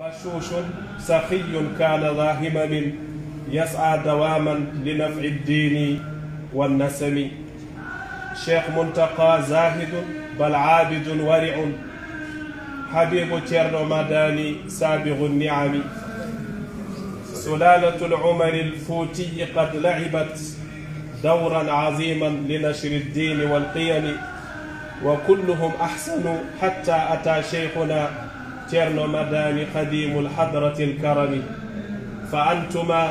بشوش سخي كان ذا همم يسعى دواما لنفع الدين والنسم شيخ منتقى زاهد بل عابد ورع حبيب تيرنو مداني سابغ النعم سلالة العمر الفوتي قد لعبت دورا عظيما لنشر الدين والقيم وكلهم أحسنوا حتى أتى شيخنا تيرنو مداني قديم الحضرة الكرم فأنتما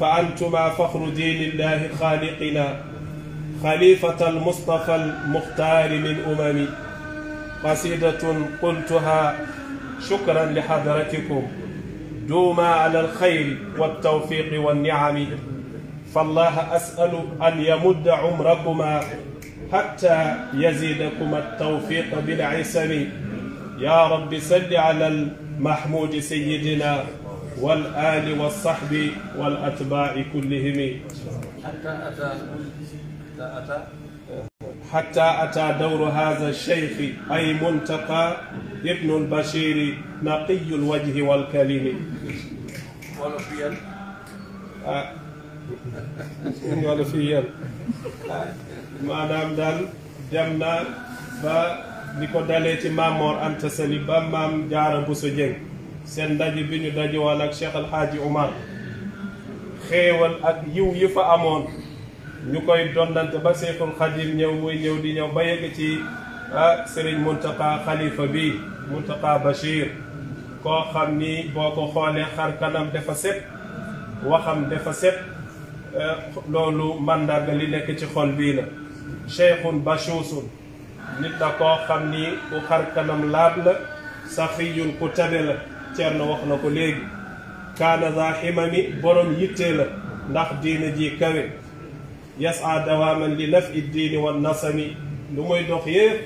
فأنتما فخر دين الله خالقنا خليفة المصطفى المختار من أمم قصيدة قلتها شكرا لحضرتكم دوما على الخير والتوفيق والنعم فالله أسأل أن يمد عمركما حتى يزيدكما التوفيق بالعسم يا رب سل على المحمود سيدنا والآل والصحب والأتباع كلهم حتى أتى حتى أتى حتى أتى دور هذا الشيخ أي منتقى ابن البشير نقي الوجه والكلم ولفيا ولفيا ما دام دل دمنا ف diko dalé ci maam Mor Anta Sali ba maam Jaara Buso Jeng sen dajju biñu dajju wal ak Cheikh Alhaaji Umar xewal ak yiw yi fa amoon ñu koy dondante ba cheikhul khadim ñëw muy ñëw di ñëw ba yegg ci ah Sëriñ Muntaqa xalifa bi muntaka bashir ko xamni boko xone xar kanam defa set waxam defa set lolu màndarga li nek ci xol bi la cheikhun bashusun nit la koo xam ni ku xar laab la saxiyun ku tabe la Thierno wax na ko léegi kaana za ximami borom yitte la ndax diina ji kawe yasaa dawaaman li naf i diini wan nasami lu muy dox yépp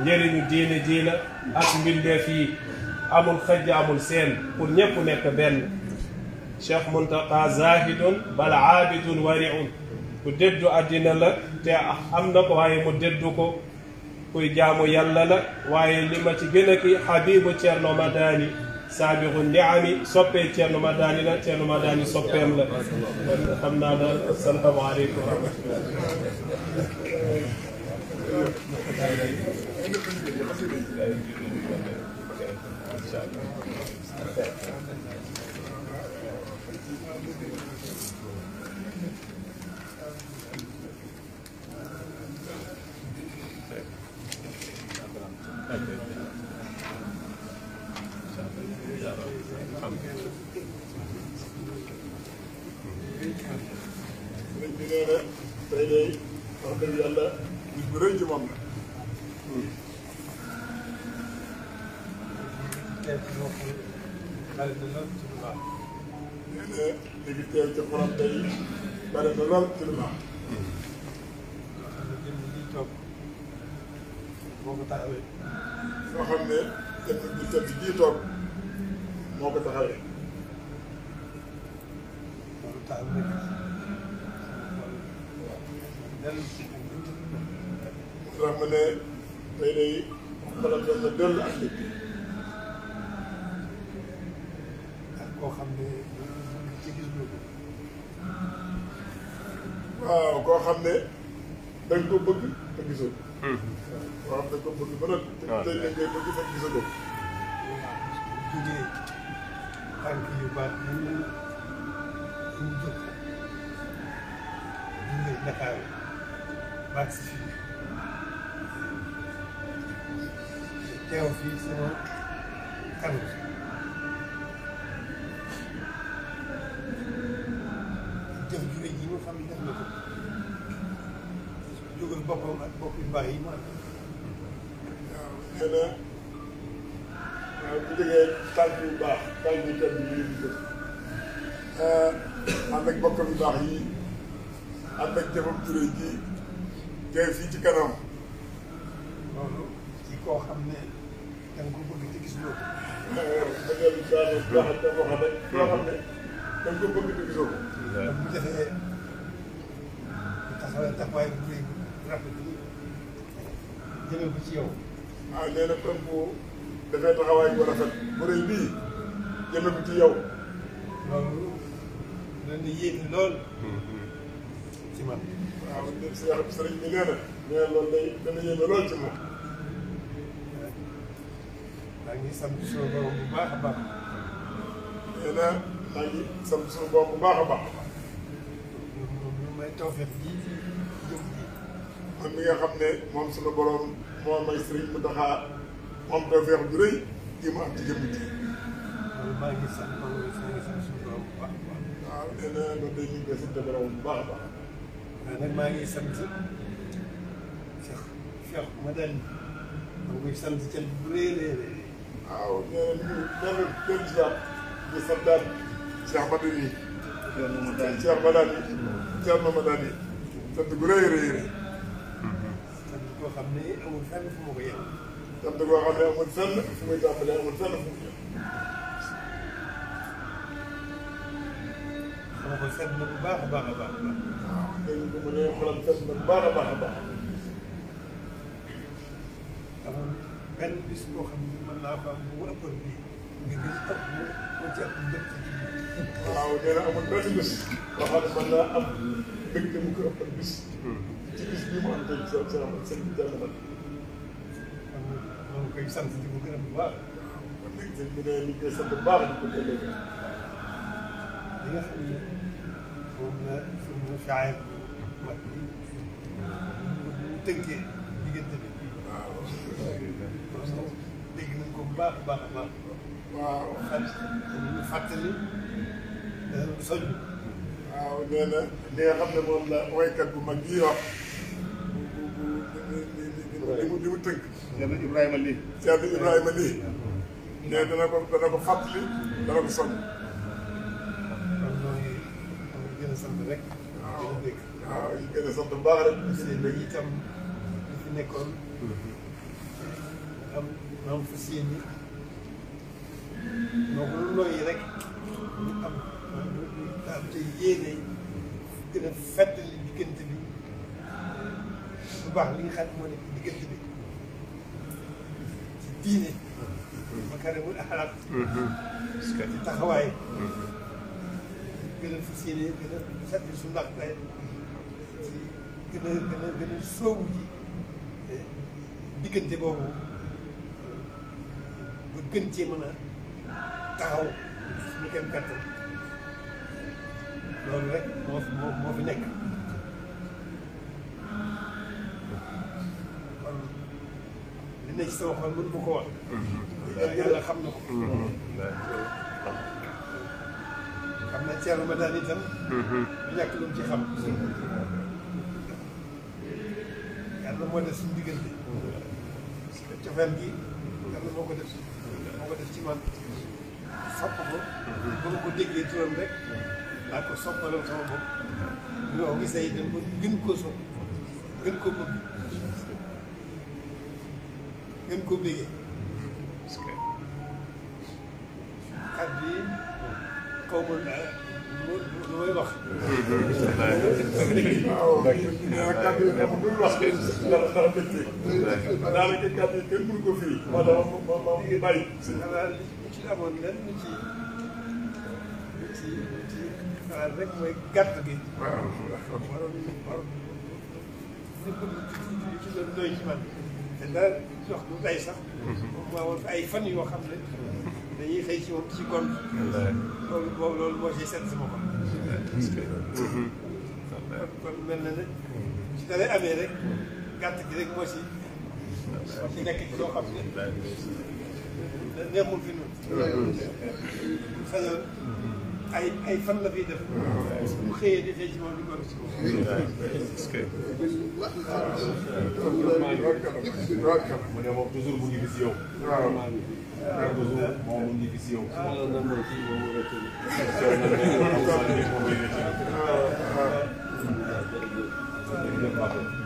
njëriñu diine ji la ak mbindeef yi amul xëjj amul seen pour ñépp nekk benn cheikh muntaqa zahidun bal aabidun wariun ku dëddu àddina la te am na ko waaye mu dëddu ko كوي جامو يالا لا واي لما تي غينا كي حبيب تيرنو مداني سابق النعم سوبي تيرنو مداني لا تيرنو مداني سوبيم لا الحمد السلام عليكم ഇതിനേറെ പറഞ്ഞല്ല വിഗ്രഹിച്ചു വന്നു ഇത് നികുത്തിയച്ചപ്പുറത്തെ മരുന്നുള്ള തിരുന്നാൾ moo ko taxawee nga xam ne te du tëdd jii toog moo ko taxawee loolu taal nekk waaw mu ne tey day xolam doon na dellu ak dëkk ak koo xam ne ci gis loolu waaw koo xam ne dañ ko bëgg te gisoo borom da ko bëgg ba noppi. waaw tey tey bëgg fekk gisagoo. tànk yu baax yi ñu jóg jógee Dakar baax si fii teew fii sama kanam bàyyi. waaw nee na bu jógee tànk yu baax tànk yu tedd yi ñu ah, ànd ak bokkam yu baax yi ànd ak jëfam turé ji teew fii ci kanam. loolu ci koo xam ne da nga ko bëgg te gis loo ko. da nga lu caa doon baax te waxal rek. loo xam ne da nga ko bëgg te gisoo ko. bu defee taxawaay taxawaay bu rafet jëlee ko ci yow. ah nee na kon bu dafay taxawaay bu rafet bu rëy bii jëmee ko ci yow. loolu dana yéeme lool. Hmm, hmm. ci man. waaw ñun si yàlla sëriñ bi nee na. nee loolu day eh, bu baax a baax. nee na maa bu man mi nga xam ne moom suñu borom moo may sëriñ mu taxaa moom te feex ju rëy ji mu am ci jëmm ji waaw nee na loolu day ñu ngi koy sant borom bu baax a baax waaw nag maa ngi sant Cheikh Cheikh Madani maa ngi sant cel bu rëy rëy rëy waaw nee na ñu ngi dellu ziar di santaat Cheikh Madani Cheikh Madani Cheikh Madani sant bu rëy rëy rëy yoo xam ne amul fenn fu mu ko yem. daf da koo xam ne amul fenn fu muy tàmbalee amul fenn fu mu yem. dama ko seet na bu baax a baax a baax a baax. waaw dañu ko mën a xoolal seet na bu baax a baax a baax. amul benn bis boo xam ne mën naa ko am bu ëppoon bii nga gis ëpp mu mu ci ëpp njëkk. waaw nee na amul benn bis boo xam ne mën naa am. big democrat abuse. It is human rights of the Muslim government. كيف سمت الديمقراطية بالبعض؟ نقتل من اللي كيسمى بالبعض كل الليل. هي في شعب تنكي بجد بيجنكم باغ باغ باغ وخمسة فتلي صلوا waaw nee xam ne moom la waykat bu mag bii wax li mu li mu tënk. Thierno Ibrahima lii. Thierno Ibrahima lii. nee dana ko dana ko fàttali dana ko soññ. gën rek. waaw waaw ñu gën a sant baax rek. dañuy itam ñu fi nekkoon. am am fu seen yi. donc loolu yi rek nga am ca yéene gën a fàttali diggante bi bu baax li nga xam ne moo nekk diggante bi ci diine makaarimul axlaaq ci mm-hmm. taxawaay mm-hmm. gën a fas yéene gën a fàttali suñu laax lay ci gën a gën a gën ji eh, diggante boobu ba gën cee mën a taxaw suñu kenn kàttan loolu rek moo fi moo fi nekk kon li ne ci sama xol mënu ma ko wax mm-hmm. yàlla xam na ko mm-hmm. xam na Thierno Madani itam du mm-hmm. ñàkk lu ci xam yàlla moo def suñu diggante cofeel gi yàlla moo ko def moo ko def ci man sopp ko ba ma ko déggee turam rek maa ko soppaloon sama bopp lu ma gis itam ko gën koo sopp gën koo bëgg gën koo bégee kàddu yi kaw ma lu may wax. waaw. waaw. waaw. waaw. waral rek mooy gàtt gi. waaw waroon waroon ci doon doy ci man te dara dox du tey sax. moom maa ay fan yoo xam ne dañuy xëy ci ci kon. loolu boobu loolu moo siy seet sama kon mel na ne ci da amee rek gàtt gi rek moo si moo si nekk ci loo xam ne neexul fi noonu. ay ay fan la fiy def. bu xëyee di xëy ci moom di ko ci moom. est-ce que. mu ne moom toujours mu ngi gis yow. waaw waaw toujours moom mu ngi gis yow. waaw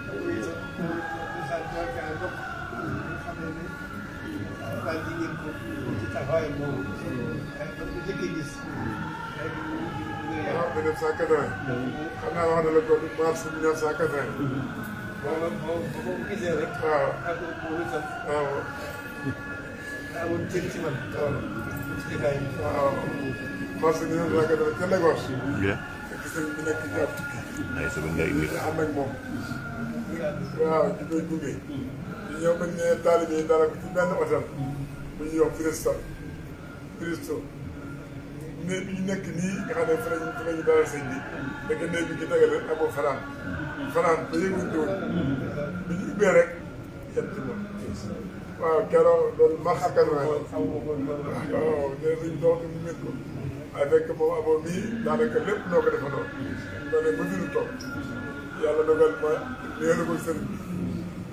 manage ಸಾಕದ Kannada marks manage ಸಾಕದ marks manage ಸಾಕದ ಚೆನ್ನ ಗೋಸ್ Nice benda ini. Amek mom. Wah, kita ikut ni. Ia punya tali ni dalam kita ni macam punya Kristo. Kristo. néeg bi ñu nekk nii nga xam ne fa lañu fa lañu dalal sëñ bi nekk néeg bi ci dagale amoo fanaan fanaan te yëguñ ci woon bi ñu ubbee rek yem ci moom waaw keroog loolu ma xàkkal naa waaw ne suñ dox mu mét ko waaye fekk moom amoo mii daanaka lépp noo ko defa doon doone ba juru toog yàlla dogal ma léeru ko sëriñ bi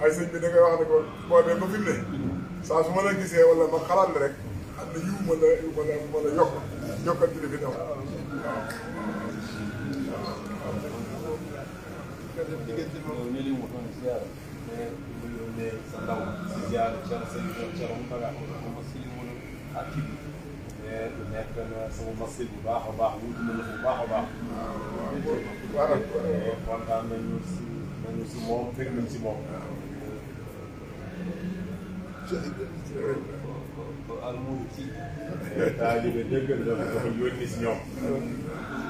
ay sëñ bi da ngay wax ne ko boo dee ba fi ne saa su ma la gisee wala ma xalaat la rek yokk yiw wala wala wala yokk yokkal ci li fi daw. nekk na sama masin bu baax a baax wutu na la bu baax a baax. waaw waaw kontaan nañu si nañu si moom fekk nañu si moom. al muur ci taalibe dëgg la dafa yónni si ñoom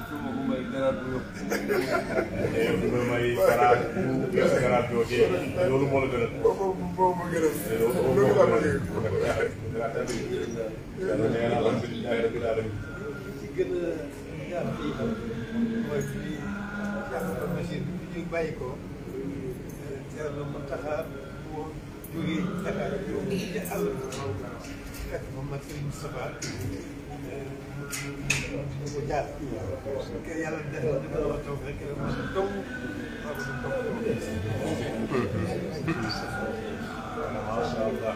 suma bu may garaat bu yóbbu bu may garaat loolu moo la gën a boobu ma gën a loolu la ma gën a alhamdulilah rabbil alamin ci gën a ñaar ci itam mooy fii Cheikh Bachir bi ñu bàyyi jógee Dakar ak yow ci àll bi fekk ma ma Serigne Moustapha mu ko jaar kër yàlla def na dina wax taw rek ma taw maa ko taw masha Allah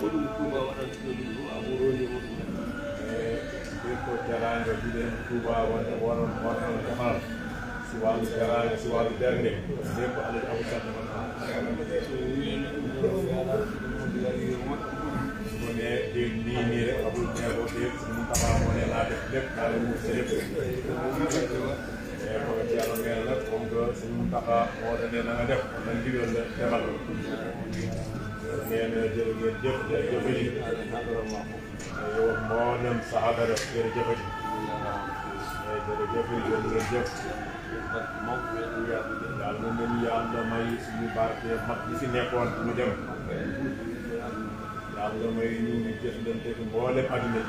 kodum Touba waɗata ɗum ɗum amoroji muɗum ɓe ko jarande mbiɗen Touba wonde wonon wonon jamal si wàllu garage si wàllu bernde lépp alal amul sax dama su ko nee dégg nii nii rek amul ñaaroo dégg suñu taxaw moo ne laa def lépp daal mu si lépp mais eh, kon ci yàlla mel nag comme que suñu taxaw moo da ne na nga def man ndigal la demal ngeen jërë ngeen jëf jërëjëf ji yow moo dem saxaaba def jërëjëf ji eh, jërëjëf ji jërëjëf yàlla na leen yàlla may suñu barke mag yi fi nekkoon mu dem yàlla may ñu ngi jëflante ak mboolem àddina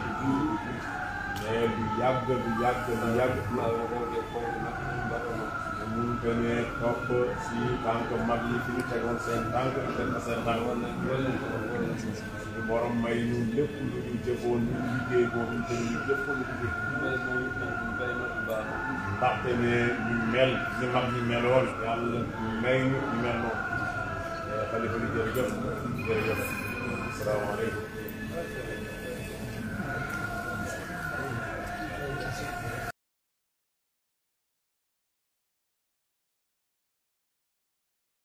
mais du yàgg du yàgg du yàgg buñ gënee topp si tànk mag yi fi ñu tegoon seen tànk di teg seen tànk suñu borom may ñu lépp lu ñu jëfoon ñu liggéey boobu ñu tënk lépp lu ñu jëf ndaxte ne ñu mel ni mag ñi meloon yàlla may ñu mel noonu xalifa li jërëjëf jërëjëf asalaamaaleykum